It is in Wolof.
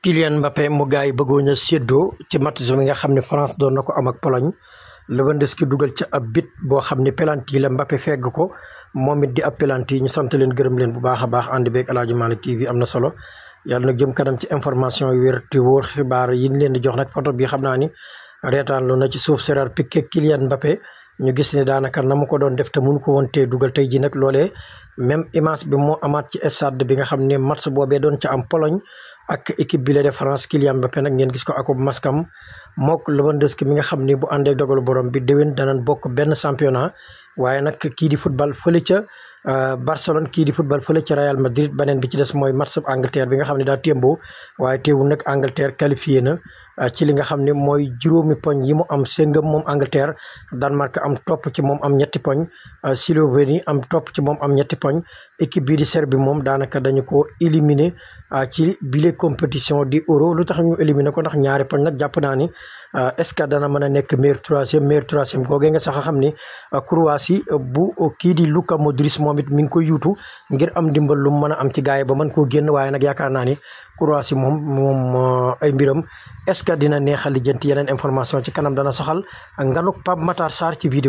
Kylian Mbappé mu gars yi bëggoon a séddoo ci match bi nga xam ne France doon na ko am ak Pologne ki dugal ca ab bit boo xam ne pelanti la Mbappé fegg ko moom it di ab pelanti ñu sant leen gërëm leen bu baax a baax ànd beeg El Hadj Malick TV am na solo yàlla jëm kanam ci information yu wér te wóor xibaar yi ñu leen di jox nag photo bi xam naa ni reetaan lu na ci suuf Gérard Piqué Kylian Mbappé. ñu gis ne daanaka na mu ko doon def te mënu ko woon tee dugal tey ji nag loolee même image bi moo amaat ci stade bi nga xam ne match boobee doon ca am Pologne ak équipe bi la de France Kylian Mbappé nag ngeen gis ko akub maskam mook Lewandowski mi nga xam ni bu àndee dogal borom bi déwén danañ bokk benn championnat waaye nag kii di football fële ca euh, Barcelone kii di football fële ca Real Madrid beneen bi ci des mooy match Angleterre bi nga xam ne daa témboo waaye teewul nag Angleterre qualifié na euh, ci li nga xam ne mooy juróomi poñ yi mu am séngam moom Angleterre Danemark am topp ci moom am ñetti poñ euh, Slovénie am topp ci moom am ñetti poñ équipe bii di Serbie moom daanaka dañu ko éliminer ah, ci bile compétition di euro lu tax ñu éliminer ko ndax ñaari poñ nag jàpp naa ni ah, est-ce que dana mën a nekk meilleur troisième meilleur troisième googee nga sax a xam ni ah, Croatie bu kii di Luka Modric moom it mi ngi koy yuutu ngir am dimbal lu mu mën a am ci gaay ba man koo génn waaye nag yaakaar naa ni Croatie moom moom ay mbiram est-ce que dina neexal lijjanti yeneen information ci kanam dana soxal nganuk Pape Matar Sarr ci vidéo bi